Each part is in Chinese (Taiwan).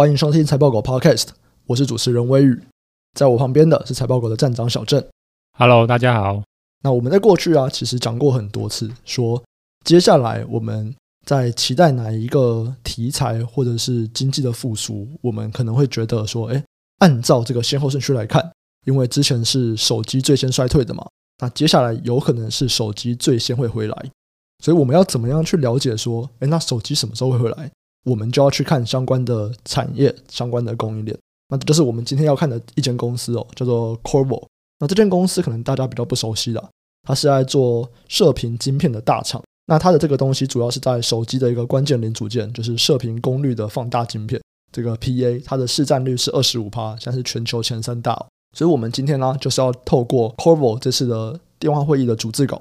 歡迎收聽財報狗 Podcast，我是主持人威宇，在我旁邊的是財報狗的站長小鄭。Hello，大家好。那我們在過去啊，其實講過很多次，說接下來我們在期待哪一個題材，或者是經濟的復甦，我們可能會覺得說，哎，按照這個先後順序來看，因為之前是手機最先衰退的嘛，那接下來有可能是手機最先會回來，所以我們要怎麼樣去了解說，哎，那手機什麼時候會回來？我們就要去看相關的產業、相關的供應鏈。那這就是我們今天要看的一間公司哦，叫做 Qorvo。那這間公司可能大家比較不熟悉了，它是在做射頻晶片的大廠。那它的這個東西主要是在手機的一個關鍵零組件，就是射頻功率的放大晶片，這個 PA，它的市占率是二十五趴，現在是全球前三大。所以我們今天呢、啊，就是要透過 Qorvo 這次的電話會議的逐字稿。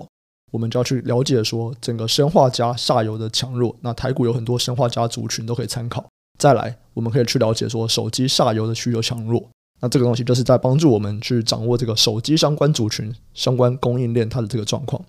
我們就要去了解說整個砷化鎵下游的強弱，那台股有很多砷化鎵族群都可以參考。再來，我們可以去了解說手機下游的需求強弱，那這個東西就是在幫助我們去掌握這個手機相關族群、相關供應鏈它的這個狀況。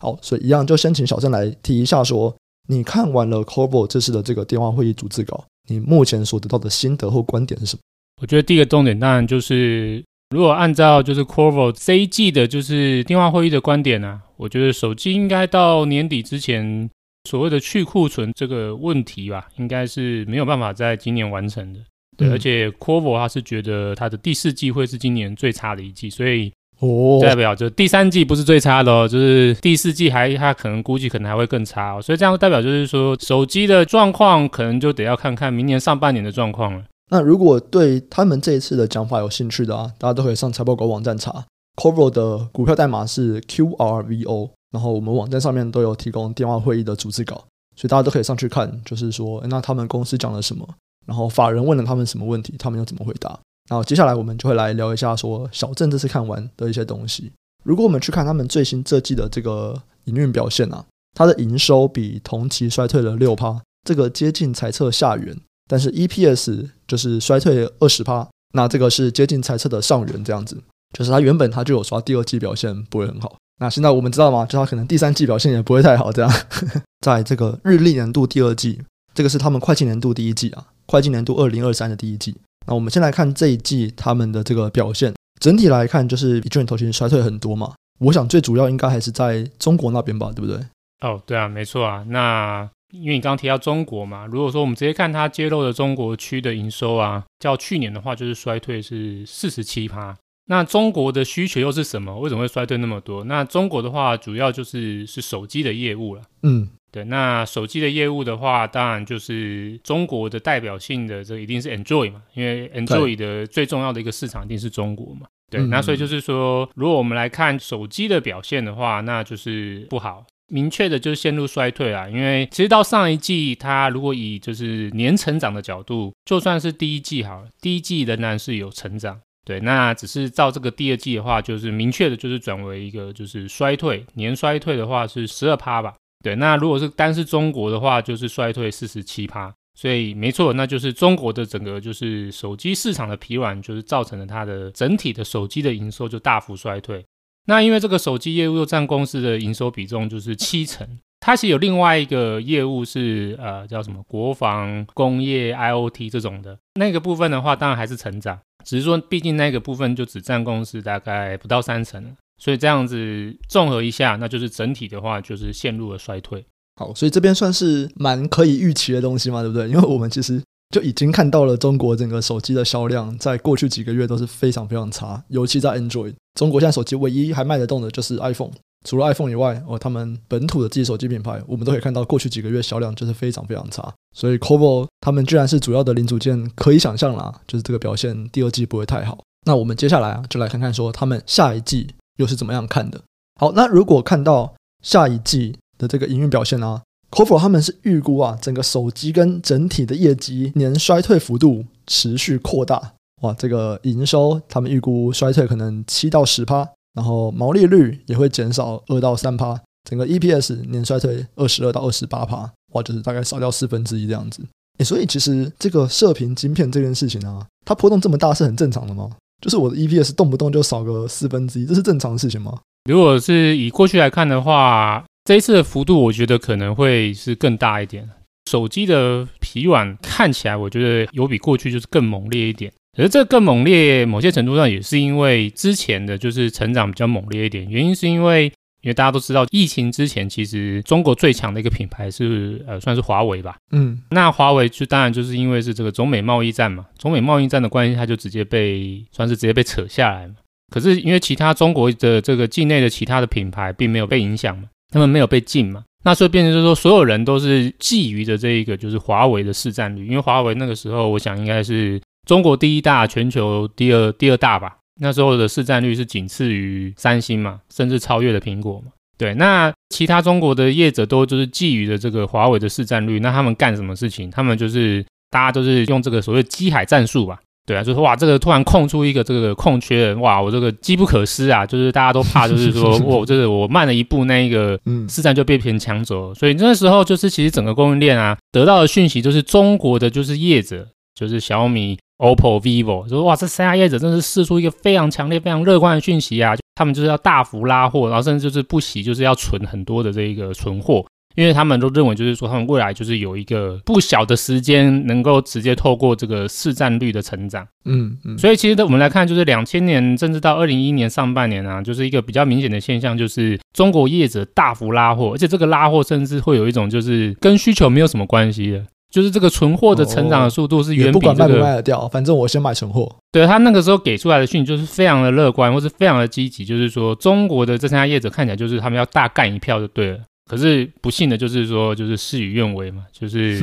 好，所以一樣就先請小鄭來提一下說，你看完了 Qorvo 這次的這個電話會議逐字稿，你目前所得到的心得或觀點是什麼？我覺得第一個重點當然就是。如果按照就是 Qorvo 這一季的就是電話會議的觀點呢、啊，我覺得手機應該到年底之前所謂的去庫存這個問題吧，應該是沒有辦法在今年完成的。對，而且 Qorvo 他是覺得他的第四季會是今年最差的一季，所以哦，代表着第三季不是最差的，哦，就是第四季還他可能估計可能還會更差，哦，所以這樣代表就是說手機的狀況可能就得要看看明年上半年的狀況了。那如果對他們這一次的講法有興趣的啊，大家都可以上財報狗網站查，Qorvo 的股票代碼是 Q R V O，然後我們網站上面都有提供電話會議的逐字稿，所以大家都可以上去看，就是說那他們公司講了什麼，然後法人問了他們什麼問題，他們又怎麼回答。然後接下來我們就會來聊一下說，小鎮這次看完的一些東西。如果我們去看他們最新這季的這個營運表現啊，它的營收比同期衰退了六趴，這個接近財測下緣。但是 EPS 就是衰退二十趴，那這個是接近猜測的上緣這樣子，就是它原本它就有刷第二季表現不會很好，那現在我們知道嗎？就它可能第三季表現也不會太好，這樣在 這個日曆年度第二季，這個是他們會計年度第一季啊，會計年度二零二三的第一季。那我們先來看這一季他們的這個表現，整體來看就是比去年同期衰退很多嘛，我想最主要應該還是在中國那邊吧，對不對？哦，對啊，沒錯啊，那。因為你剛剛提到中國嘛，如果說我們直接看它揭露的中國區的營收啊，較去年的話就是衰退是四十七趴。那中國的需求又是什麼？為什麼會衰退那麼多？那中國的話，主要就是是手機的業務了。嗯，對。那手機的業務的話，當然就是中國的代表性的這一定是 Android 嘛，因為 Android 的最重要的一個市場一定是中國嘛。對，對。那所以就是說，如果我們來看手機的表現的話，那就是不好。明確的，就是陷入衰退啦、啊。因為其實到上一季，它如果以就是年成長的角度，就算是第一季好了，第一季仍然然是有成長。對，那只是照這個第二季的話，就是明確的，就是轉為一個就是衰退，年衰退的話是十二趴吧。對，那如果是單是中國的話，就是衰退四十七趴。所以沒錯，那就是中國的整個就是手機市場的疲軟，就是造成了它的整體的手機的營收就大幅衰退。那因為這個手機業務又占公司的營收比重就是七成，它其實有另外一個業務是呃叫什麼國防工業 IoT 這種的，那個部分的話當然還是成長，只是說畢竟那個部分就只占公司大概不到三成，所以這樣子綜合一下，那就是整體的話就是陷入了衰退。好，所以這邊算是蠻可以預期的東西嘛，對不對？因為我們其實就已經看到了中國整個手機的銷量在過去幾個月都是非常非常差，尤其在 Android。中國現在手機唯一還賣得動的就是 iPhone，除了 iPhone 以外，哦，他們本土的自己手機品牌，我們都可以看到過去幾個月銷量就是非常非常差，所以 Qorvo 他們居然是主要的零組件，可以想象啦、啊，就是這個表現第二季不會太好。那我們接下來啊，就來看看說他們下一季又是怎麼樣看的。好，那如果看到下一季的這個營運表現啊，Qorvo 他們是預估啊，整個手機跟整體的業績年衰退幅度持續擴大。哇，這個營收他們預估衰退可能七到十趴，然後毛利率也會減少二到三趴，整個 EPS 年衰退二十二到二十八趴，哇，就是大概少掉四分之一這樣子。誒、欸，所以其實這個射頻晶片，這件事情啊，它波動這麼大是很正常的嗎？就是我的 EPS 動不動就少個四分之一，這是正常的事情嗎？如果是以過去來看的話，這一次的幅度我覺得可能會是更大一點。手機的疲軟看起來，我覺得有比過去就是更猛烈一點。而這更猛烈，某些程度上也是因為之前的，就是成長比較猛烈一點。原因是因為，因為大家都知道，疫情之前其實中國最強的一個品牌是呃，算是華為吧。嗯，那華為就當然就是因為是這個中美貿易戰嘛，中美貿易戰的關係，它就直接被算是直接被扯下來嘛。可是因為其他中國的這個境內的其他的品牌並沒有被影響嘛，他們沒有被禁嘛，那所以變成就是說所有人都是覬覦着這一個就是華為的市占率，因為華為那個時候我想應該是。中國第一大，全球第二第二大吧。那時候的市占率是僅次於三星嘛，甚至超越了蘋果嘛。對，那其他中國的業者都就是覬覦著這個華為的市占率。那他們幹什麼事情？他們就是大家都是用這個所謂“機海戰術”吧？對啊，就是哇，這個突然空出一個這個空缺人，哇，我這個機不可失啊！就是大家都怕，就是說我這個 我，我慢了一步，那一個市占就被別人搶走了。嗯，所以那時候就是其實整個供應鏈啊，得到的訊息就是中國的就是業者，就是小米。OPPO、VIVO 說：“哇，這三家業者真的是釋出一個非常強烈、非常樂觀的訊息啊！他們就是要大幅拉貨，然後甚至就是不惜就是要存很多的這一個存貨，因為他們都認為就是說他們未來就是有一個不小的時間能夠直接透過這個市占率的成長。”嗯嗯，所以其實我們來看，就是兩千年甚至到二零一一年上半年啊，就是一個比較明顯的現象，就是中國業者大幅拉貨，而且這個拉貨甚至會有一種就是跟需求沒有什麼關係的。就是這個存貨的成長的速度是遠比這個，不管賣不賣得掉，反正我先買存貨。對，他那個時候給出來的訊息就是非常的樂觀，或是非常的積極，就是說中國的這三家業者看起來就是他們要大幹一票就對了。可是不幸的就是說，就是事與願違嘛。就是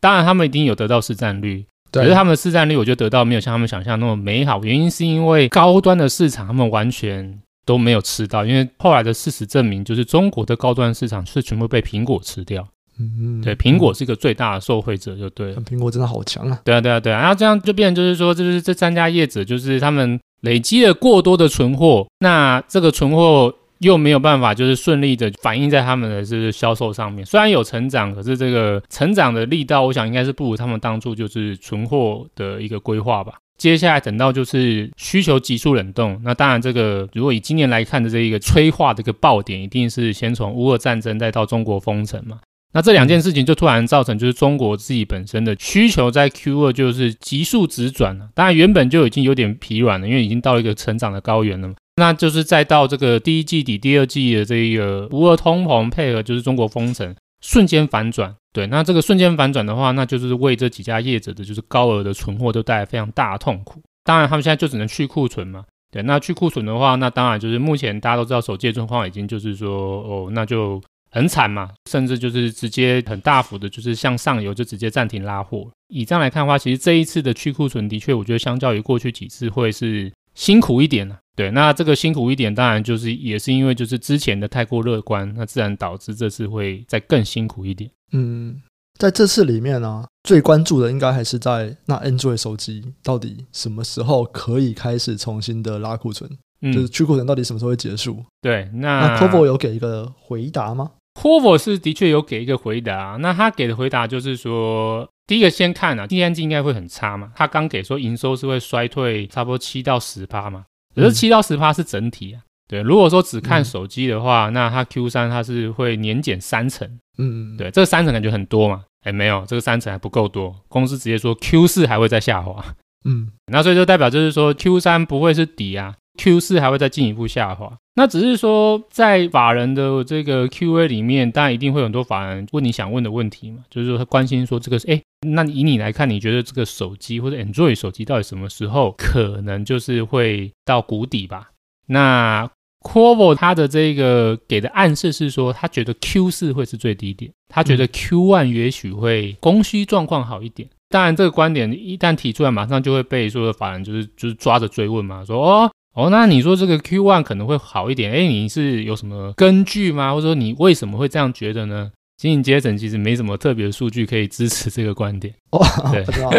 當然他們一定有得到市占率，可是他們的市占率我覺得得到沒有像他們想象那麼美好。原因是因為高端的市場他們完全都沒有吃到，因為後來的事實證明，就是中國的高端市場是全部被蘋果吃掉。嗯，嗯，對，蘋果是一個最大的受惠者，就對了。蘋果真的好強啊！對啊，對啊，對啊。然後這樣就變，就是說，就是這三家業者，就是他們累積了過多的存貨，那這個存貨又沒有辦法，就是順利的反映在他們的就是銷售上面。雖然有成長，可是這個成長的力道，我想應該是不如他們當初就是存貨的一個規劃吧。接下來等到就是需求急速冷凍，那當然，這個如果以今年來看的這一個催化的一個爆點，一定是先從烏俄戰爭，再到中國封城嘛。那這兩件事情就突然造成，就是中國自己本身的需求在 Q2 就是急速直轉了。當然原本就已經有點疲軟了，因為已經到一個成長的高原了嘛。那就是再到這個第一季底、第二季的這個烏俄、通膨配合，就是中國封城，瞬間反轉。對，那這個瞬間反轉的話，那就是為這幾家業者的就是高額的存貨都帶來非常大的痛苦。當然他們現在就只能去庫存嘛。對，那去庫存的話，那當然就是目前大家都知道，手機的狀況已經就是說哦，那就。很慘嘛，甚至就是直接很大幅的，就是向上游就直接暫停拉貨。以這樣來看的話，其實這一次的去庫存的確，我覺得相較於過去幾次會是辛苦一點了、啊。對，那這個辛苦一點，當然就是也是因為就是之前的太過樂觀，那自然導致這次會再更辛苦一點。嗯，在這次裡面呢、啊，最關注的應該還是在那 Android 手機到底什麼時候可以開始重新的拉庫存，嗯、就是去庫存到底什麼時候會結束？對，那，那 Qorvo 有給一個回答嗎？Qorvo 是的確有給一個回答、啊，那他給的回答就是說，第一個先看啊，第三季應該會很差嘛。他剛給說營收是會衰退差不多七到十趴嘛，可是七到十趴是整體啊。嗯、對，如果說只看手機的話，嗯、那它 Q 三它是會年減三成，嗯嗯，對，這個三成感覺很多嘛？哎、欸，沒有，這個三成還不夠多。公司直接說 Q 四還會再下滑，嗯，那所以就代表就是說 Q 三不會是底啊，Q 四還會再進一步下滑。那只是說，在法人的這個 Q&A 裡面，當然一定會有很多法人問你想問的問題嘛。就是說，他關心說這個是，誒，那以你來看，你覺得這個手機或者 Android 手機到底什麼時候可能就是會到谷底吧？那 Qorvo 它的這個給的暗示是說，他覺得 Q4 會是最低點，他覺得 Q1 也許會供需狀況好一點。當然、嗯，這個觀點一旦提出來，馬上就會被說的法人就是就是抓着追問嘛，說哦。哦，那你說這個 Q one 可能會好一點？哎、欸，你是有什麼根據嗎？或者說你為什麼會這樣覺得呢？經營階層其實沒什麼特別的數據可以支持這個觀點。哦，對，主要、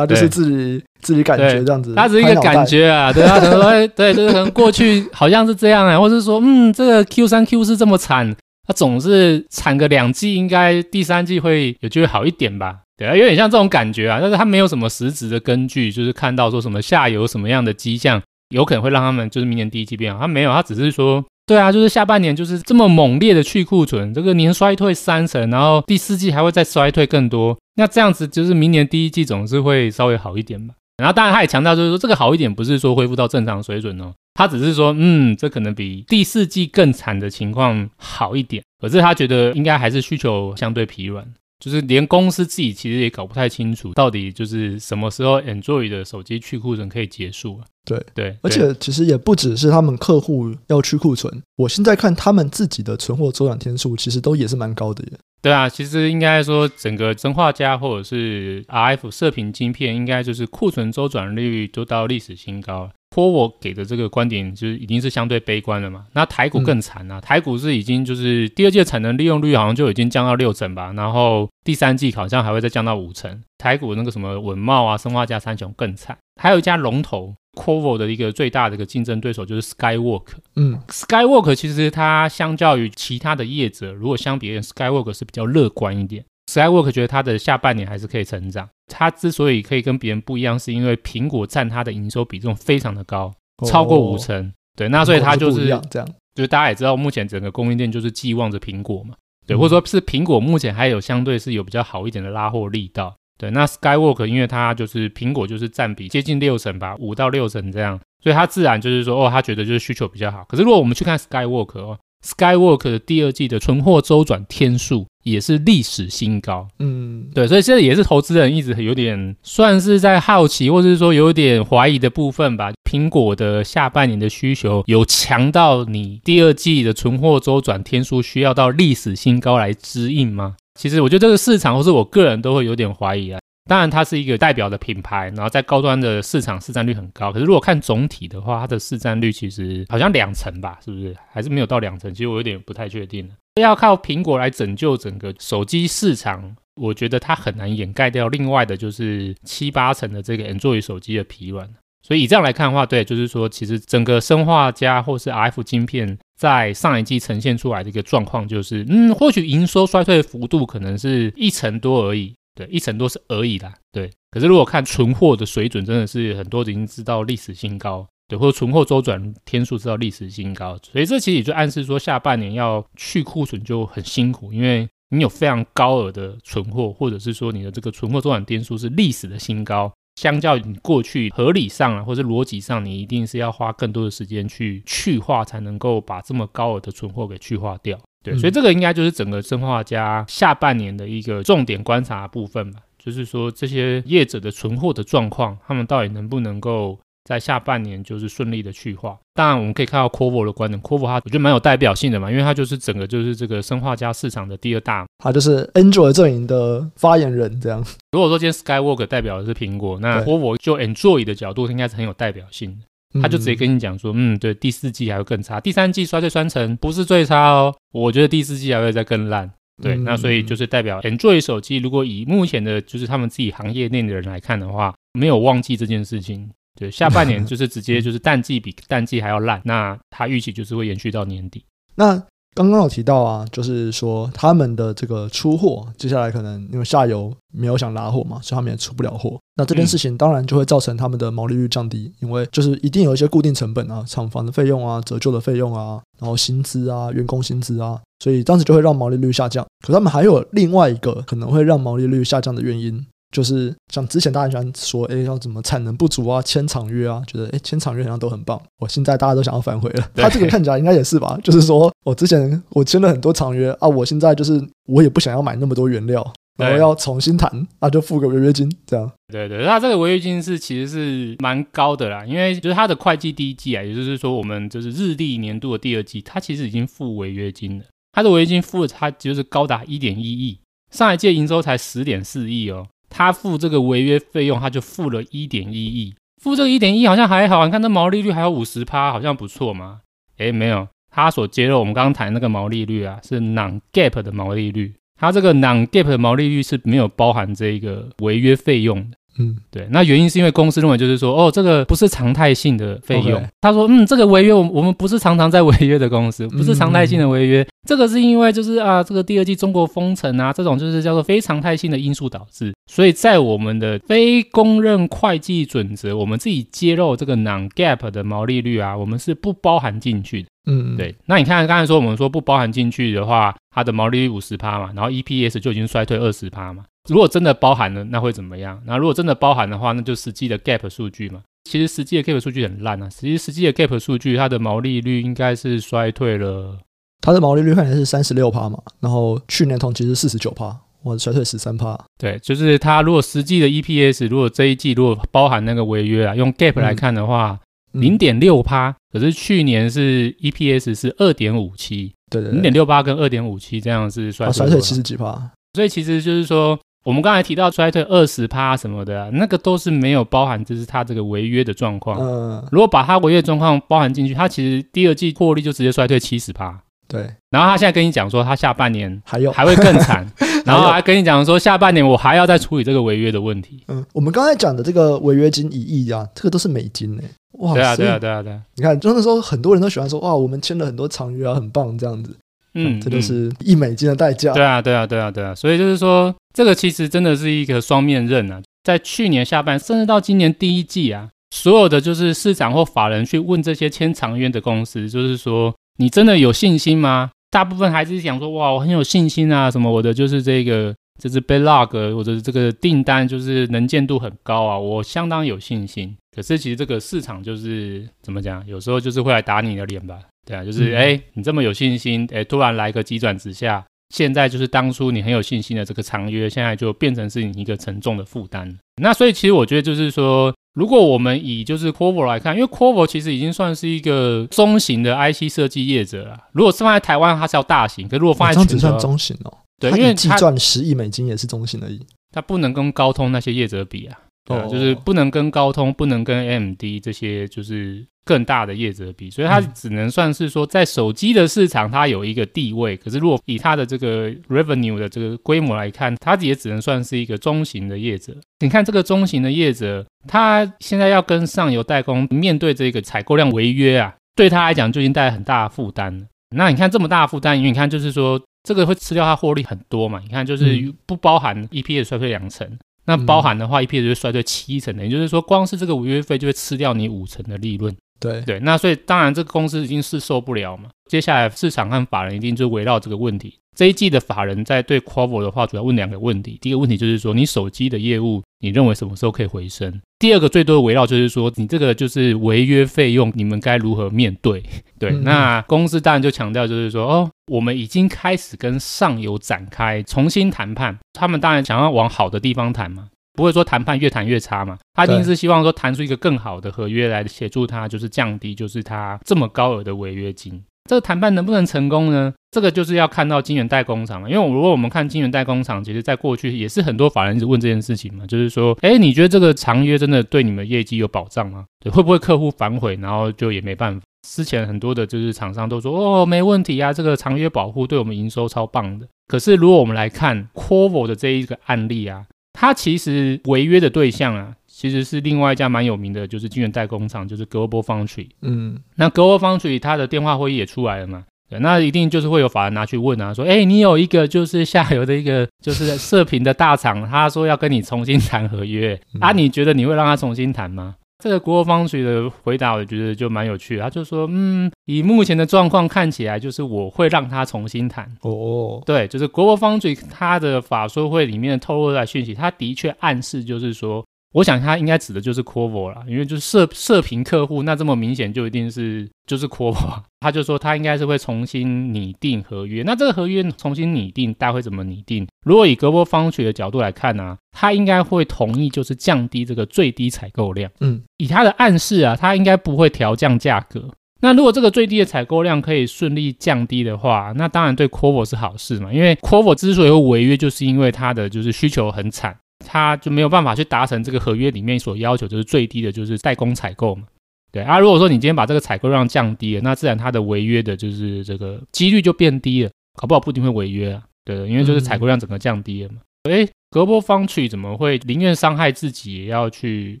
哦、就是自己 對自己感覺這樣子。他只是一個感覺啊，對啊，什、就、麼、是、對，就是可能過去好像是這樣啊、欸， 或者說嗯，這個 Q 三 Q 四這麼慘，他總是慘個兩季，應該第三季會有機會好一點吧？對啊，有點像這種感覺啊，但是他沒有什麼實質的根據，就是看到說什麼下游什麼樣的跡象。有可能會讓他們就是明年第一季變好，他沒有，他只是說，對啊，就是下半年就是這麼猛烈的去庫存，這個年衰退三成，然後第四季還會再衰退更多，那這樣子就是明年第一季總是會稍微好一點嘛。然後，當然他也強調就是說，這個好一點不是說恢復到正常水準哦，他只是說，嗯，這可能比第四季更慘的情況好一點，可是他覺得應該還是需求相對疲軟。就是連公司自己其實也搞不太清楚，到底就是什麼時候 Android 的手機去庫存可以結束啊？對對，對，而且對其實也不只是他們客戶要去庫存，我現在看他們自己的存貨周轉天數，其實都也是蠻高的耶。對啊，其實應該說整個氮化鎵或者是 RF 射頻晶片，應該就是庫存周轉率都到歷史新高了。Qorvo 給的這個觀點就是已經是相對悲觀了嘛，那台股更慘啊，嗯、台股是已經就是第二季產能利用率好像就已經降到六成吧，然後第三季好像還會再降到五成，台股那個什麼穩懋啊、砷化鎵三雄更慘，還有一家龍頭 Qorvo 的一個最大的一個競爭對手就是 Skyworks，嗯 Skyworks 其實它相較於其他的業者，如果相比 Skyworks 是比較樂觀一點。Skywork 覺得它的下半年還是可以成長。它之所以可以跟別人不一樣，是因為蘋果占它的營收比重非常的高，超過五成。對，那所以它就是這樣。就大家也知道，目前整個供應鏈就是寄望着蘋果嘛。對，或者說是蘋果目前還有相對是有比較好一點的拉貨力道。對，那 Skywork 因為它就是蘋果就是占比接近六成吧，五到六成這樣，所以它自然就是說哦，它覺得就是需求比較好。可是如果我們去看 Skywork 哦 Skywork 的第二季的存貨週轉天數也是歷史新高。嗯，對，所以現在也是投資人一直有點算是在好奇，或者是說有點懷疑的部分吧。蘋果的下半年的需求有強到你第二季的存貨週轉天數需要到歷史新高來支應嗎？其實我覺得這個市場或是我個人都會有點懷疑啊。當然，它是一個代表的品牌，然後在高端的市場市占率很高。可是，如果看總體的話，它的市占率其實好像兩成吧，是不是？還是沒有到兩成？其實我有點不太確定了。要靠蘋果來拯救整個手機市場，我覺得它很難掩蓋掉另外的就是七八成的這個 Android 手機的疲軟。所以以這樣來看的話，對，就是說，其實整個生化家或是 RF 晶片在上一季呈現出來的一個狀況，就是嗯，或許營收衰退的幅度可能是一成多而已。一成多是,而已啦。對。可是如果看存貨的水準，真的是很多已經知道歷史新高，對，或者存貨周轉天數知道歷史新高，所以這其實也就暗示說，下半年要去庫存就很辛苦，因為你有非常高額的存貨，或者是說你的這個存貨周轉天數是歷史的新高，相較於你過去合理上啊，或者邏輯上，你一定是要花更多的時間去去化，才能夠把這麼高額的存貨給去化掉。對，所以這個應該就是整個生化家下半年的一個重點觀察的部分吧，就是說這些業者的存貨的狀況，他們到底能不能夠在下半年就是順利的去化。當然，我們可以看到 Qorvo 的觀點 Qorvo 它我覺得蠻有代表性的嘛，因為它就是整個就是這個生化家市場的第二大嘛，它就是 Android 陣營的發言人這樣。如果說今天 Skyworks 代表的是蘋果，那 Qorvo 就 Android 的角度應該是很有代表性的。他就直接跟你講說，嗯，嗯，對，第四季還會更差，第三季衰退三成不是最差哦，我覺得第四季還會再更爛，對，嗯、那所以就是代表，哎，Android 手機，如果以目前的就是他們自己行業內的人來看的話，沒有忘記這件事情，對，下半年就是直接就是淡季比淡季還要爛， 那他預期就是會延續到年底。那剛剛有提到啊，就是說他們的這個出貨，接下來可能因為下游沒有想拉貨嘛，所以他們也出不了貨。那這件事情當然就會造成他們的毛利率降低，因為就是一定有一些固定成本啊，廠房的費用啊，折舊的費用啊，然後薪資啊，員工薪資啊，所以當時就會讓毛利率下降。可是他們還有另外一個可能會讓毛利率下降的原因。就是像之前大家喜歡說，哎，要怎麼產能不足啊，簽長約啊，覺得哎，簽長約好像都很棒。我現在大家都想要反悔了。對他這個看起來應該也是吧？就是說我之前我簽了很多長約啊，我現在就是我也不想要買那麼多原料，對然後要重新談，那、啊、就付個違約金這樣。對對，他這個違約金是其實是蠻高的啦，因為就是他的會計第一季啊，也就是說我們就是日曆年度的第二季，他其實已經付違約金了。他的違約金付了，他就是高達一點一億，上一屆營收才十點四億哦。他付這個違約費用，他就付了一點一億。付這個一點一好像還好，你看這毛利率還有五十趴，好像不錯嘛。誒、欸，沒有，他所揭露我們剛剛談那個毛利率啊，是 non gap 的毛利率。他這個 non gap 的毛利率是沒有包含這個違約費用的。嗯，對，那原因是因為公司認為就是說，哦，這個不是常態性的費用。他 Okay. 說，嗯，這個違約我們，我我們不是常常在違約的公司，不是常態性的違約。嗯嗯嗯，這個是因為就是啊，這個第二季中國封城啊，這種就是叫做非常態性的因素導致。所以在我們的非公認會計準則，我們自己揭露這個 non-GAAP 的毛利率啊，我們是不包含進去的。嗯，嗯，對。那你看剛才說我們說不包含進去的話，它的毛利率五十趴嘛，然後 EPS 就已經衰退二十趴嘛。如果真的包含了，那會怎麼樣？那如果真的包含的話，那就實際的 Gap 數據嘛。其實實際的 Gap 數據很爛啊。其實際實際的 Gap 數據，它的毛利率應該是衰退了。它的毛利率看起來是三十六趴嘛，然後去年同期是四十九趴，哇，衰退十三趴。對，就是它如果實際的 EPS，如果這一季如果包含那個違約啊，用 Gap 來看的話，零點六趴。可是去年是 EPS 是二點五七。對對，零點六八跟二點五七這樣是衰退了，啊，衰退七十幾趴。所以其實就是說。我們剛才提到衰退二十趴什麼的、啊，那個都是沒有包含，就是他這個違約的狀況。嗯，如果把他違約狀況包含進去，他其實第二季獲利就直接衰退七十趴。對，然後他現在跟你講說，他下半年還有還會更慘，還有 然後還跟你講說下半年我還要再處理這個違約的問題。嗯，我們剛才講的這個違約金一億啊，這個都是美金呢、欸。哇，對啊對啊對啊對啊！你看，就是說很多人都喜歡說哇，我們簽了很多長約啊，很棒這樣子。嗯，嗯，這都是一美金的代價。對啊，對啊，對啊，對啊。所以就是說，這個其實真的是一個雙面刃啊。在去年下半，甚至到今年第一季啊，所有的就是市場或法人去問這些簽長約的公司，就是說，你真的有信心嗎？大部分還是想說，哇，我很有信心啊，什麼我的就是這個。這支 backlog 或者這個訂單就是能見度很高啊，我相當有信心。可是其實這個市場就是怎麼講，有時候就是會來打你的臉吧？對啊，就是哎、嗯欸，你這麼有信心，哎、欸，突然來個急轉直下，現在就是當初你很有信心的這個長約，現在就變成是你一個沉重的負擔。那所以其實我覺得就是說，如果我們以就是 Qorvo 來看，因為 Qorvo 其實已經算是一個中型的 IC 設計業者了。如果是放在台灣，它是要大型，可如果放在全球，哦，只算中型哦。對，因為他賺十億美金也是中型的，他不能跟高通那些業者比啊，啊、就是不能跟高通、不能跟 AMD 這些就是更大的業者比，所以他只能算是說在手機的市場他有一個地位。可是如果以他的這個 revenue 的這個規模來看，他也只能算是一個中型的業者。你看這個中型的業者，他現在要跟上游代工面對這個採購量違約啊，對他來講就已經帶來很大的負擔了。那你看這麼大的負擔，因為你看就是說。這個會吃掉它獲利很多嘛？你看，就是不包含 EPS 的衰退兩成，嗯、那包含的話 EPS 就會衰退七成的，也、嗯、就是說，光是這個違約費就會吃掉你五成的利潤。對對，那所以當然這個公司已經是受不了嘛。接下來市場和法人一定就圍繞這個問題。這一季的法人在對 Qorvo 的話，主要問兩個問題。第一個問題就是說，你手機的業務，你認為什麼時候可以回升？第二個最多的圍繞就是說，你這個就是違約費用，你們該如何面對？對，嗯嗯。那公司當然就強調就是說，哦，我們已經開始跟上游展開重新談判，他們當然想要往好的地方談嘛。不會說談判越談越差嘛？他一定是希望說談出一個更好的合約來協助他，就是降低就是他這麼高額的違約金。這個談判能不能成功呢？這個就是要看到晶圓代工廠了。因為如果我們看晶圓代工廠，其實在過去也是很多法人一直問這件事情嘛，就是說，哎，你覺得這個長約真的對你們業績有保障嗎？對，會不會客戶反悔，然後就也沒辦法。之前很多的就是廠商都說，哦，沒問題啊，這個長約保護對我們營收超棒的。可是如果我們來看 Qorvo 的這一個案例啊。他其實違約的對象啊，其實是另外一家蠻有名的，就是晶圓代工廠，就是 Global Foundry。嗯，那 Global Foundry 他的電話會議也出來了嘛？對，那一定就是會有法人拿去問啊，說，哎、欸，你有一個就是下游的一個就是射頻的大廠， 他說要跟你重新談合約，啊，嗯、你覺得你會讓他重新談嗎？這個國博方旭的回答，我覺得就蠻有趣的。他就說：“嗯，以目前的狀況看起來，就是我會讓他重新談。”哦，對，就是國博方旭他的法說會裡面的透露的訊息，他的確暗示就是說。我想他應該指的就是 Qorvo 啦，因為就是射射頻客戶，那這麼明顯就一定是就是 Qorvo，啊。他就說他應該是會重新擬定合約，那這個合約重新擬定，大概會怎麼擬定？如果以格羅方德的角度來看呢，啊，他應該會同意就是降低這個最低採購量。嗯，以他的暗示啊，他應該不會調降價格。那如果這個最低的採購量可以順利降低的話，那當然對 Qorvo 是好事嘛，因為 Qorvo 之所以會違約，就是因為他的就是需求很慘。他就沒有辦法去達成這個合約裡面所要求，就是最低的，就是代工採購嘛。對啊，如果說你今天把這個採購量降低了，那自然它的違約的就是這個幾率就變低了，搞不好不一定會違約啊。對，因為就是採購量整個降低了嘛。哎，GlobalFoundries 怎麼會寧願傷害自己也要去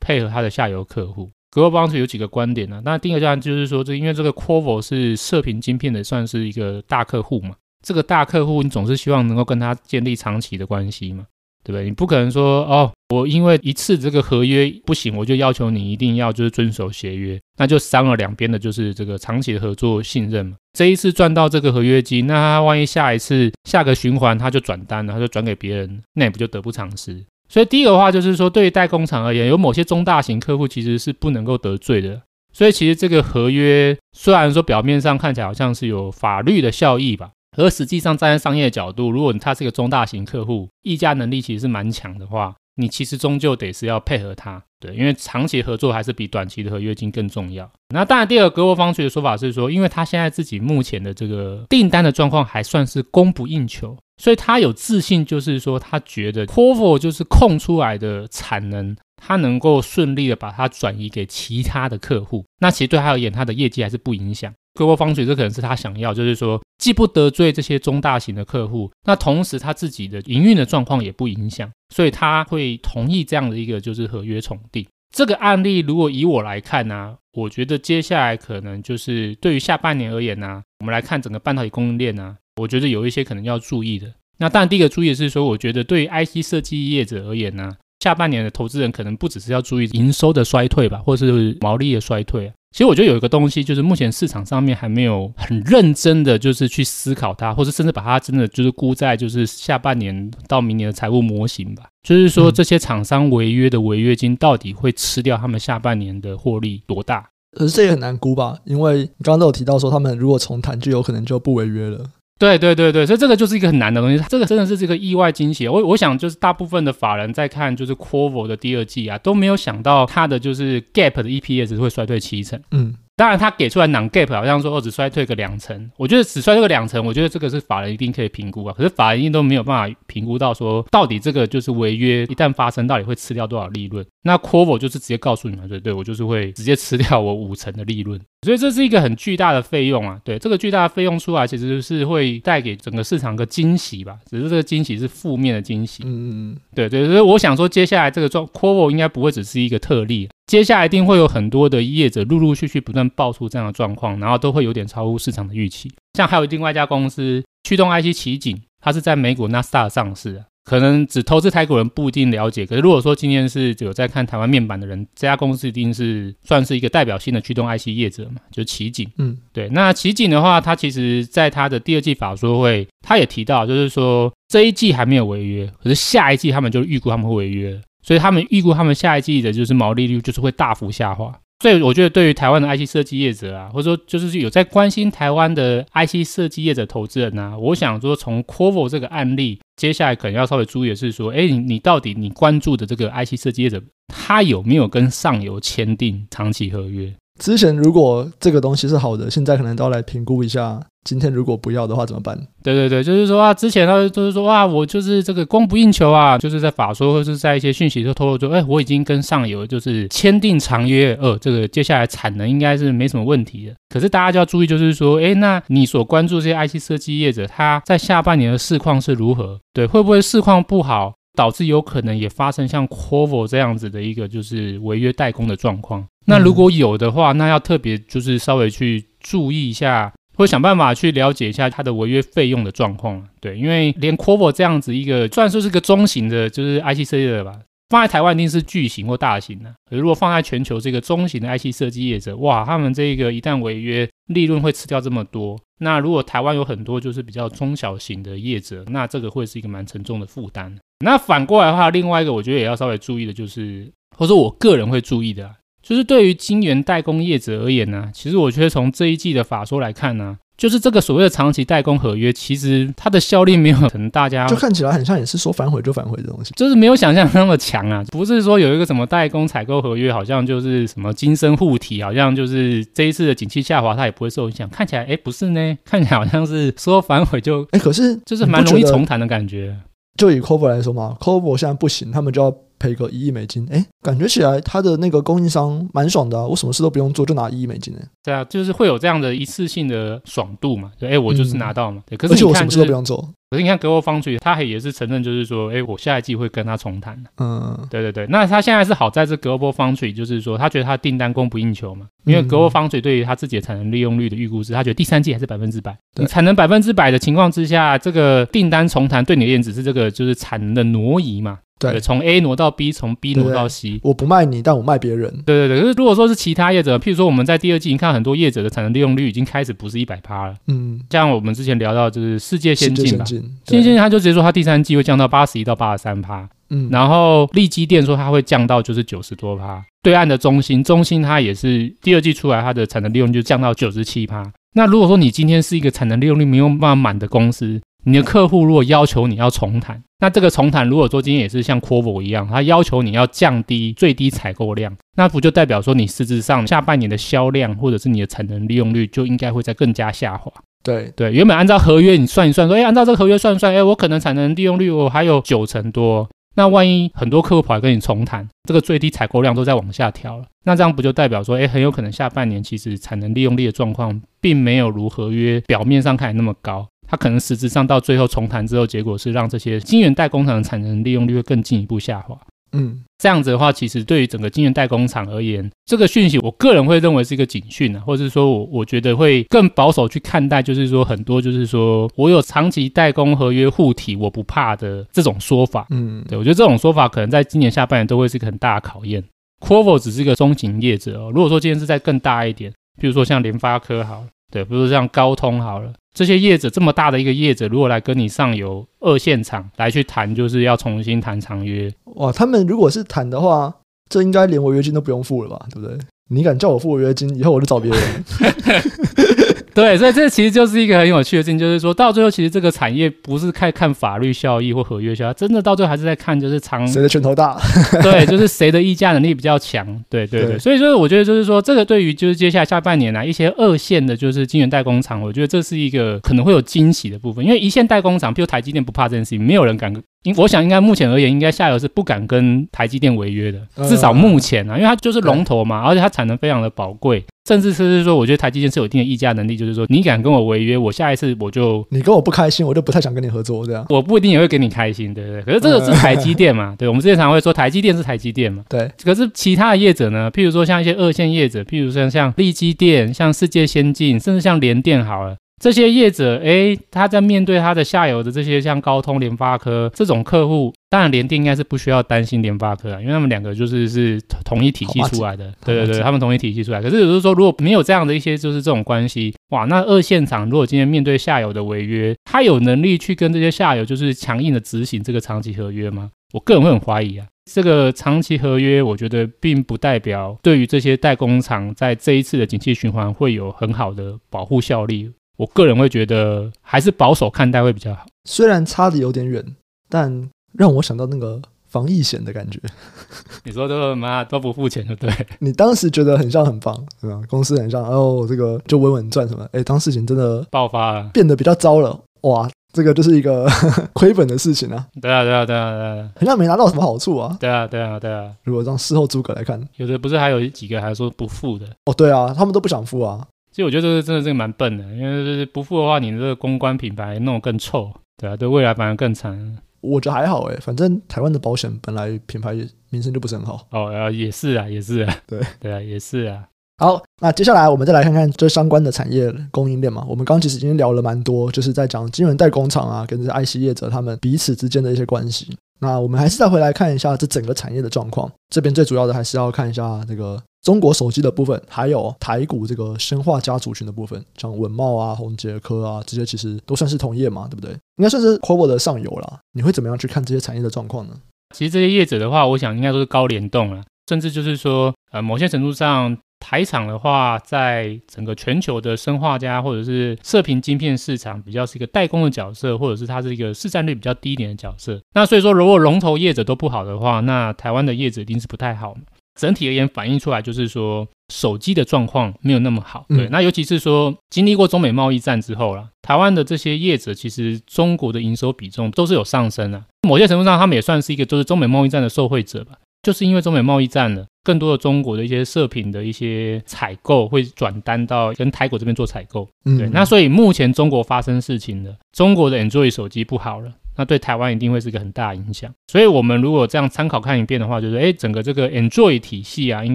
配合他的下游客戶？GlobalFoundries 有幾個觀點呢、啊？那第一個當然就是說，這因為這個 Qorvo 是射頻晶片的，算是一個大客戶嘛。這個大客戶，你總是希望能夠跟他建立長期的關係嘛。對不對？你不可能說哦，我因為一次這個合約不行，我就要求你一定要就是遵守協約，那就傷了兩邊的，就是這個長期的合作信任嘛。這一次賺到這個合約金，那他萬一下一次下個循環他就轉單了，他就轉給別人，那也不就得不償失。所以第一個的話就是說，對於代工廠而言，有某些中大型客戶其實是不能夠得罪的。所以其實這個合約雖然說表面上看起來好像是有法律的效益吧。而實際上，站在商業的角度，如果他是一個中大型客戶，議價能力其實是蠻強的話，你其實終究得是要配合他，對，因為長期合作還是比短期的合約金更重要。那當然，第二個科沃方學的說法是說，因為他現在自己目前的這個訂單的狀況還算是供不應求，所以他有自信，就是說他覺得 Qorvo，就是空出來的產能，他能夠順利的把它轉移給其他的客戶，那其實對他而言，他的業績還是不影響。各個方水，這可能是他想要，就是說既不得罪這些中大型的客戶，那同時他自己的營運的狀況也不影響，所以他會同意這樣的一個就是合約重訂。這個案例如果以我來看呢、啊，我覺得接下來可能就是對於下半年而言呢、啊，我們來看整個半導體供應鏈呢、啊，我覺得有一些可能要注意的。那當然第一個注意的是說，我覺得對於 IC 設計業者而言呢、啊，下半年的投資人可能不只是要注意營收的衰退吧，或是毛利的衰退、啊。其實我覺得有一個東西，就是目前市場上面還沒有很認真的就是去思考它，或者甚至把它真的就是估在就是下半年到明年的財務模型吧。就是說這些廠商違約的違約金到底會吃掉他們下半年的獲利多大？呃，這也很難估吧，因為剛剛都有提到說，他們如果重談，就有可能就不違約了。對對對對，所以這個就是一個很難的東西，這個真的是這個意外驚喜。我我想就是大部分的法人在看就是 Qorvo 的第二季啊，都沒有想到它的就是 GAAP 的 EPS 只會衰退七成。嗯，當然他給出來 Non-GAAP 好像說只衰退個兩成，我覺得只衰退個兩成，我覺得這個是法人一定可以評估啊。可是法人一定都沒有辦法評估到說到底這個就是違約一旦發生，到底會吃掉多少利潤。那 Qorvo 就是直接告訴你們對對我就是會直接吃掉我五成的利潤，所以這是一個很巨大的費用啊。對這個巨大的費用出來，其實就是會帶給整個市場個驚喜吧，只是這個驚喜是負面的驚喜。嗯嗯，對對，所以我想說，接下來這個狀 Qorvo 應該不會只是一個特例，接下來一定會有很多的業者陸陸續,續續不斷爆出這樣的狀況，然後都會有點超乎市場的預期。像還有另外一家公司驅動 IC 奇景，它是在美股 NASDAQ 上市的。可能只投資台股人不一定了解，可是如果說今天是只有在看台灣面板的人，這家公司一定是算是一個代表性的驅動 IC 業者嘛，就是奇景。嗯，對。那奇景的話，他其實在他的第二季法說會，他也提到就是說這一季還沒有違約，可是下一季他們就預估他們會違約，所以他們預估他們下一季的就是毛利率就是會大幅下滑。所以我覺得，對於台灣的 IC 設計業者啊，或者說就是有在關心台灣的 IC 設計業者投資人啊，我想說，從 Qorvo 這個案例，接下來可能要稍微注意的是說，誒，你你到底你關注的這個 IC 設計業者，他有沒有跟上游簽訂長期合約？之前如果這個東西是好的，現在可能都要來評估一下。今天如果不要的話怎麼辦？對對對，就是說啊，之前他就是說啊，我就是這個供不應求啊，就是在法說或是在一些訊息都透露說，哎，我已經跟上游就是簽訂長約，呃，這個接下來產能應該是沒什麼問題的。可是大家就要注意，就是說，哎，那你所關注這些 IC 設計業者，他在下半年的市況是如何？對，會不會市況不好？導致有可能也發生像 Qorvo 這樣子的一個就是違約代工的狀況。那如果有的話，那要特別就是稍微去注意一下，會想辦法去了解一下它的違約費用的狀況。對，因為連 Qorvo 這樣子一個，雖然說是個中型的，就是 IC 設計的吧，放在台灣一定是巨型或大型的。可是如果放在全球這個中型的 IC 設計業者，哇，他們這個一旦違約，利潤會吃掉這麼多。那如果台灣有很多就是比較中小型的業者，那這個會是一個蠻沉重的負擔。那反過來的話，另外一個我覺得也要稍微注意的，就是或者我，我個人會注意的，就是對於晶圓代工業者而言呢、啊，其實我覺得從這一季的法說來看呢、啊，就是這個所謂的長期代工合約，其實它的效力沒有可能，大家就看起來很像也是說反悔就反悔的東西，就是沒有想象那麼強啊，不是說有一個什麼代工採購合約，好像就是什麼金身護體，好像就是這一次的景氣下滑它也不會受影響，看起來哎、欸、不是呢，看起來好像是說反悔就哎、欸，可是就是蠻容易重談的感覺。就以 Qorvo 來說嘛，Qorvo 現在不行，他們就要。賠個一億美金誒，感覺起來他的那個供應商蠻爽的、啊，我什麼事都不用做，就拿一億美金呢，欸。對啊，就是會有這樣的一次性的爽度嘛，哎，我就是拿到嘛，嗯，對，可是就是，而且我什麼事都不用做。可是你看，GlobalFoundries，他還也是承認，就是說誒，我下一季會跟他重談、啊、嗯，對對對，那他現在是好在這 GlobalFoundries，就是說他覺得他的訂單供不應求嘛，因為 GlobalFoundries 對於他自己的產能利用率的預估值，他覺得第三季還是百分之百。對，你產能百分之百的情況之下，這個訂單重談對你的意思，只是這個就是產能的挪移嘛？對，從 A 挪到 B，從 B 挪到 C。對對對，我不賣你，但我賣別人。對對對，可是如果說是其他業者，譬如說我們在第二季，你看很多業者的產能利用率已經開始不是一百趴了。嗯，像我們之前聊到，就是世界先進吧，世界先進它就直接說它第三季會降到八十一到八十三趴。嗯，然後力積電說它會降到就是九十多趴。對岸的中芯，中芯它也是第二季出來，它的產能利用率就降到九十七趴。那如果說你今天是一個產能利用率沒有辦法滿的公司，你的客戶如果要求你要重談，那這個重談如果說今天也是像 Qorvo 一樣，他要求你要降低最低採購量，那不就代表說你實質上下半年的銷量或者是你的產能利用率就應該會再更加下滑？對對，原本按照合約你算一算說，說誒按照這個合約算一算，誒我可能產能利用率我、哦、還有九成多，那萬一很多客戶跑來跟你重談，這個最低採購量都在往下調了，那這樣不就代表說，誒很有可能下半年其實產能利用率的狀況並沒有如合約表面上看來那麼高。它可能實質上到最後重談之後，結果是讓這些晶圓代工廠的產能利用率會更進一步下滑。嗯，這樣子的話，其實對於整個晶圓代工廠而言，這個訊息我個人會認為是一個警訊啊，或者是說我，我我覺得會更保守去看待，就是說很多就是說我有長期代工合約護體，我不怕的這種說法。嗯，對我覺得這種說法可能在今年下半年都會是一個很大的考驗。Qorvo 只是一個中型業者哦，如果說今天是再更大一點，比如說像聯發科好。對，不如這樣高通好了，這些業者這麼大的一個業者，如果來跟你上游二線廠來去談，就是要重新談長約。哇，他們如果是談的話，這應該連違約金都不用付了吧，對不對？你敢叫我付違約金，以後我就找別人。 對，所以這其實就是一個很有趣的事情，就是說到最後，其實這個產業不是看看法律效益或合約效益，真的到最後還是在看就是長誰的拳頭大。 對，就是誰的議價能力比較強。對對對，對 所以說我覺得就是說，這個對於就是接下來下半年呢、啊，一些二線的，就是晶圓代工廠，我覺得這是一個可能會有驚喜的部分。因為一線代工廠，比如台積電不怕這件事情，沒有人敢。我想應該目前而言，應該下游是不敢跟台積電違約的，至少目前啊，因為它就是龍頭嘛，而且它產能非常的寶貴。甚至是說，我覺得台積電是有一定的議價能力，就是說，你敢跟我違約，我下一次我就你跟我不開心，我就不太想跟你合作，這樣。我不一定也會給你開心，對不對？嗯、可是這個是台積電嘛，嗯、對，我們之前常會說台積電是台積電嘛，對。可是其他的業者呢？譬如說像一些二線業者，譬如說像力積電、像世界先進，甚至像聯電，好了。這些業者，哎，他在面對他的下游的這些像高通、聯發科這種客戶，當然聯電應該是不需要擔心聯發科啊，因為他們兩個就是是同一體系出來的。對對對，他們同一體系出來。可是有時候說，如果沒有這樣的一些就是這種關係，哇，那二線廠如果今天面對下游的違約，他有能力去跟這些下游就是強硬的執行這個長期合約嗎？我個人會很懷疑啊。這個長期合約，我覺得並不代表對於這些代工廠在這一次的景氣循環會有很好的保護效力。我個人會覺得還是保守看待會比較好。雖然差的有點遠，但讓我想到那個防疫險的感覺。 你說這個嘛都不付錢就對。你當時覺得很像很棒，是吧？公司很像，哎喲，這個就穩穩賺什麼？哎、欸，當事情真的爆發了，變得比較糟了，哇，這個就是一個虧 本的事情啊。對啊，對啊，對啊，對啊，好像沒拿到什麼好處啊。對啊，對，啊對啊，對啊，對啊。如果讓事後諸葛來看，有的不是還有幾個還說不付的？哦，對啊，他們都不想付啊。其實我覺得這個真的這個蠻笨的，因為就是不付的話，你的這個公關品牌弄得更臭，對啊，對未來反而更慘。我覺得還好誒，反正台灣的保險本來品牌名聲就不是很好。哦、啊，也是啊，也是。啊，對，對啊，也是啊。好，那接下來我們再來看看這相關的產業供應鏈嘛。我們剛，剛其實已經聊了蠻多，就是在講晶圓代工廠啊，跟這些 IC 業者他們彼此之間的一些關係。那我們還是再回來看一下這整個產業的狀況。這邊最主要的還是要看一下這個。中國手機的部分，還有台股這個砷化鎵族群的部分，像穩懋啊、宏捷科啊這些，其實都算是同業嘛，對不對？應該算是 Qorvo 的上游了。你會怎麼樣去看這些產業的狀況呢？其實這些業者的話，我想應該都是高聯動了，甚至就是說，呃，某些程度上，台廠的話，在整個全球的砷化鎵或者是射頻晶片市場，比較是一個代工的角色，或者是它是一個市占率比較低一點的角色。那所以說，如果龍頭業者都不好的話，那台灣的業者一定是不太好。整體而言反映出來就是說，手機的狀況沒有那麼好。對，嗯、那尤其是說經歷過中美貿易戰之後啦，台灣的這些業者其實中國的營收比重都是有上升啊。某些程度上，他們也算是一個就是中美貿易戰的受惠者吧。就是因為中美貿易戰了，更多的中國的一些社品的一些採購會轉單到跟台股這邊做採購。嗯、對，那所以目前中國發生事情了，中國的 Android 手機不好了。那對台灣一定會是一個很大的影響，所以，我們如果這樣參考看一遍的話，就是，誒整個這個 Android 體系啊，應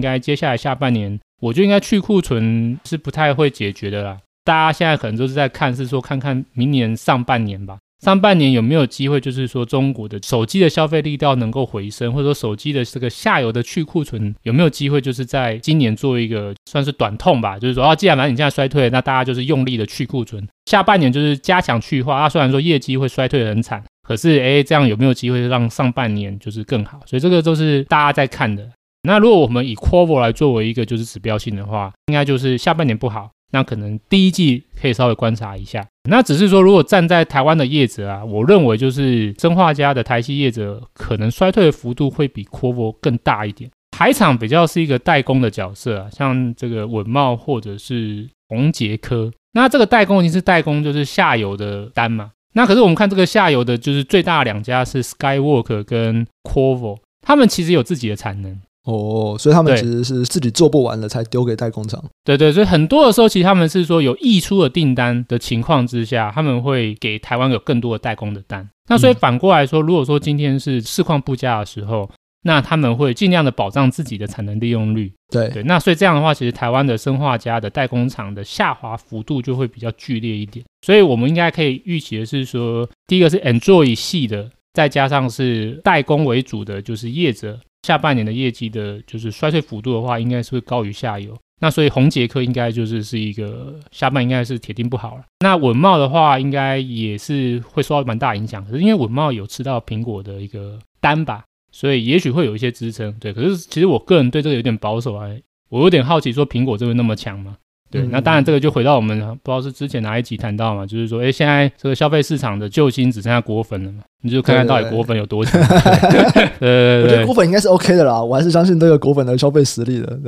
該接下來下半年，我就應該去庫存是不太會解決的啦。大家現在可能都是在看，是說看看明年上半年吧。上半年有沒有機會？就是說，中國的手機的消費力道能夠回升，或者說手機的這個下游的去庫存有沒有機會？就是在今年做一個算是短痛吧。就是說，啊，既然把你現在衰退，那大家就是用力的去庫存，下半年就是加強去化。啊，雖然說業績會衰退得很慘，可是誒、欸，這樣有沒有機會讓上半年就是更好？所以這個都是大家在看的。那如果我們以 Qorvo 來作為一個就是指標性的話，應該就是下半年不好，那可能第一季可以稍微觀察一下。那只是說，如果站在台灣的業者啊，我認為就是砷化鎵的台系業者，可能衰退的幅度會比 Qorvo 更大一點。台廠比較是一個代工的角色啊，像這個穩懋或者是宏捷科。那這個代工已經是代工，就是下游的單嘛。那可是我們看這個下游的，就是最大兩家是 Skyworks 跟 Qorvo，他們其實有自己的產能。哦，oh, 所以他們其實是自己做不完了，才丟給代工廠對。對對，所以很多的時候，其實他們是說有溢出的訂單的情況之下，他們會給台灣有更多的代工的單。那所以反過來說，嗯、如果說今天是市況不佳的時候，那他們會盡量的保障自己的產能利用率。對對，那所以這樣的話，其實台灣的生化家的代工廠的下滑幅度就會比較劇烈一點。所以我們應該可以預期的是說，第一個是 e n j o y 系的，再加上是代工為主的就是業者。下半年的業績的，就是衰退幅度的話，應該是會高於下游。那所以宏捷科應該就是是一個下半應該是鐵定不好了、啊。那穩懋的話，應該也是會受到蠻大影響。可是因為穩懋有吃到蘋果的一個單吧，所以也許會有一些支撐。對，可是其實我個人對這個有點保守啊。我有點好奇，說蘋果真的那麼強嗎？對，嗯、哼那當然這個就回到我們不知道是之前哪一集談到嘛，就是說，誒、欸，現在這個消費市場的救星只剩下果粉了嘛。你就看看到底果粉有多強？對，對，對，對，對，對 我覺得果粉應該是 OK 的啦，我還是相信這個果粉的消費實力的。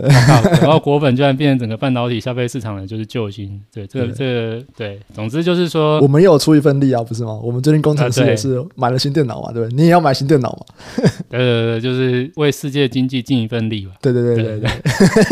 然後果粉居然變成整個半導體消費市場的就是救星，對這個這個對，對， 總之就是說我們也有出一份力啊，不是嗎？我們最近工程師也是買了新電腦嘛，對不對？你也要買新電腦嘛？對對對，對，就是為世界經濟盡一份力吧。 對對對對對，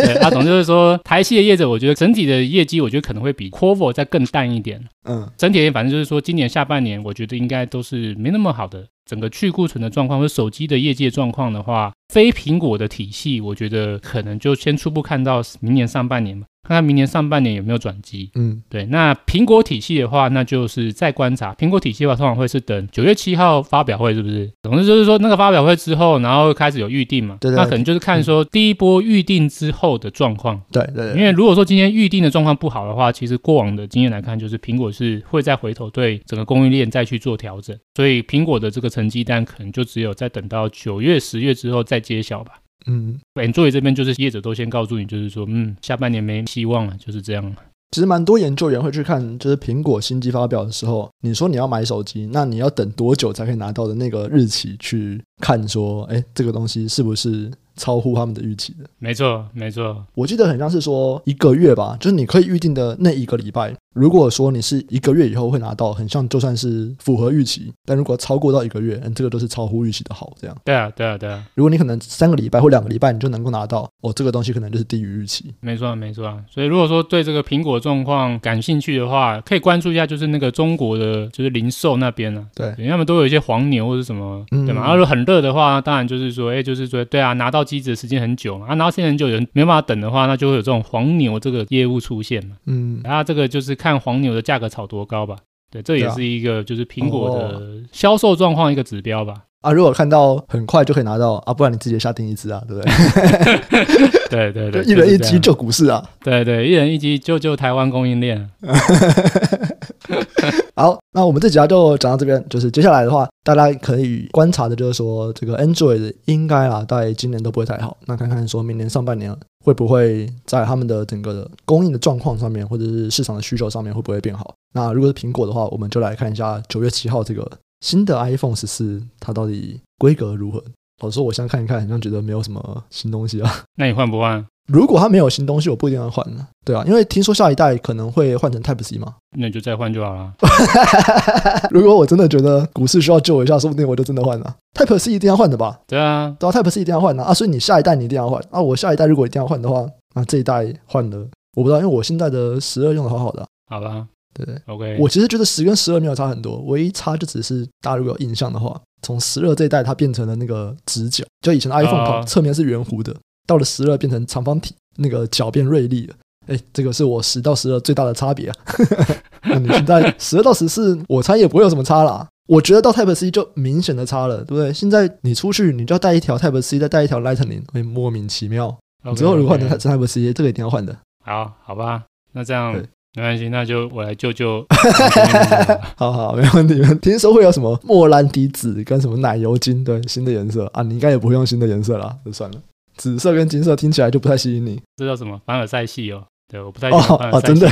對。他、 啊、總之就是說，台系的業者，我覺得整體的業績，我覺得可能會比 Qorvo 再更淡一點。嗯，整體的反正就是說，今年下半年，我覺得應該都是沒那麼更好的整個去庫存的狀況，或者手機的業界狀況的話，非蘋果的體系，我覺得可能就先初步看到明年上半年吧。看看明年上半年有沒有轉機。嗯，對。那蘋果體系的話，那就是再觀察。蘋果體系的話，通常會是等九月七號發表會，是不是？總之就是說，那個發表會之後，然後會開始有預定嘛。對，對，對。那可能就是看說第一波預定之後的狀況。對對。因為如果說今天預定的狀況不好的話，其實過往的經驗來看，就是蘋果是會再回頭對整個供應鏈再去做調整。所以蘋果的這個成績單，可能就只有在等到九月、十月之後再揭曉吧。嗯，本座委這邊就是業者都先告訴你，就是說，嗯，下半年沒希望了，就是這樣。其實蠻多研究員會去看，就是蘋果新機發表的時候，你說你要買手機，那你要等多久才可以拿到的那個日期去看，說，哎，這個東西是不是超乎他們的預期的？沒錯，沒錯。我記得很像是說一個月吧，就是你可以預定的那一個禮拜。如果說你是一個月以後會拿到，很像就算是符合預期；但如果超過到一個月，嗯，這個都是超乎預期的好，這樣。對啊，對啊，對啊。如果你可能三個禮拜或兩個禮拜你就能夠拿到，哦，這個東西可能就是低於預期。沒錯，沒錯。所以如果說對這個蘋果狀況感興趣的話，可以關注一下，就是那個中國的就是零售那邊呢，啊。對，因為他們都有一些黃牛或者什麼，對嗎？嗯，啊，如果很熱的話，當然就是說，哎，就是說，對啊，拿到機子的時間很久嘛，啊，拿到時間很久，人沒辦法等的話，那就會有這種黃牛這個業務出現嘛。嗯，然後、啊，這個就是看。看黃牛的價格炒多高吧，對，這也是一個就是蘋果的銷售狀況一個指標吧。啊哦哦啊，如果看到很快就可以拿到啊，不然你自己也下定一支啊，對不對？ 對對對，就一人一支救股市啊！對對，一人一支救救台灣供應鏈。 好，那我們這幾家就講到這邊。就是接下來的話，大家可以觀察的，就是說這個 Android 應該啊，在今年都不會太好。那看看說明年上半年會不會在他們的整個的供應的狀況上面，或者是市場的需求上面會不會變好？那如果是蘋果的話，我們就來看一下九月七號這個。新的 iPhone 十四，它到底規格如何？好，所以，我現在看一看，好像覺得沒有什麼新東西啊。那你換不換？如果它沒有新東西，我不一定要換呢、啊。對啊，因為聽說下一代可能會換成 Type C 嘛。那就再換就好了。 如果我真的覺得股市需要救我一下，說不定我就真的換了、啊。Type C 一定要換的吧？對啊，對啊，Type C 一定要換的啊，啊。所以你下一代你一定要換啊。我下一代如果一定要換的話，那、啊、這一代換了我不知道，因為我現在的十二用的好好的、啊。好吧。對，對，OK。我其實覺得十跟十二沒有差很多，唯一差就只是大家如果有印象的話，從十二這一代它變成了那個直角，就以前 iPhone 旁側面是圓弧的，oh. 到了十二變成長方體，那個角變銳利了。哎，這個是我十到十二最大的差別啊！ 那你現在十二到十四，我猜也不會有什麼差啦。我覺得到 Type C 就明顯的差了，對不對？現在你出去，你就要帶一條 Type C，再帶一條 Lightning，會莫名其妙。之後 Okay, 如果換成 Type C，這個一定要換的。Okay, okay. 好，好吧，那這樣。沒關係，那就我來救救。啊、 好好，沒問題。聽說會有什麼莫蘭迪紫跟什麼奶油金的新的顏色啊，你應該也不會用新的顏色啦，那算了。紫色跟金色聽起來就不太吸引你。這叫什麼凡爾賽系哦？對，我不太喜歡。哦、啊，真的。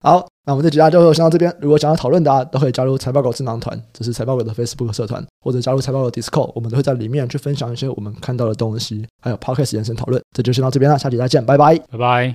好，那我們這集啊就先到這邊。如果想要討論的、啊，都可以加入財報狗智囊團，這是財報狗的 Facebook 社團，或者加入財報狗 Discord，我們都會在裡面去分享一些我們看到的東西，還有 Podcast 延伸討論。這就先到這邊了、啊，下集再見，拜拜，拜拜。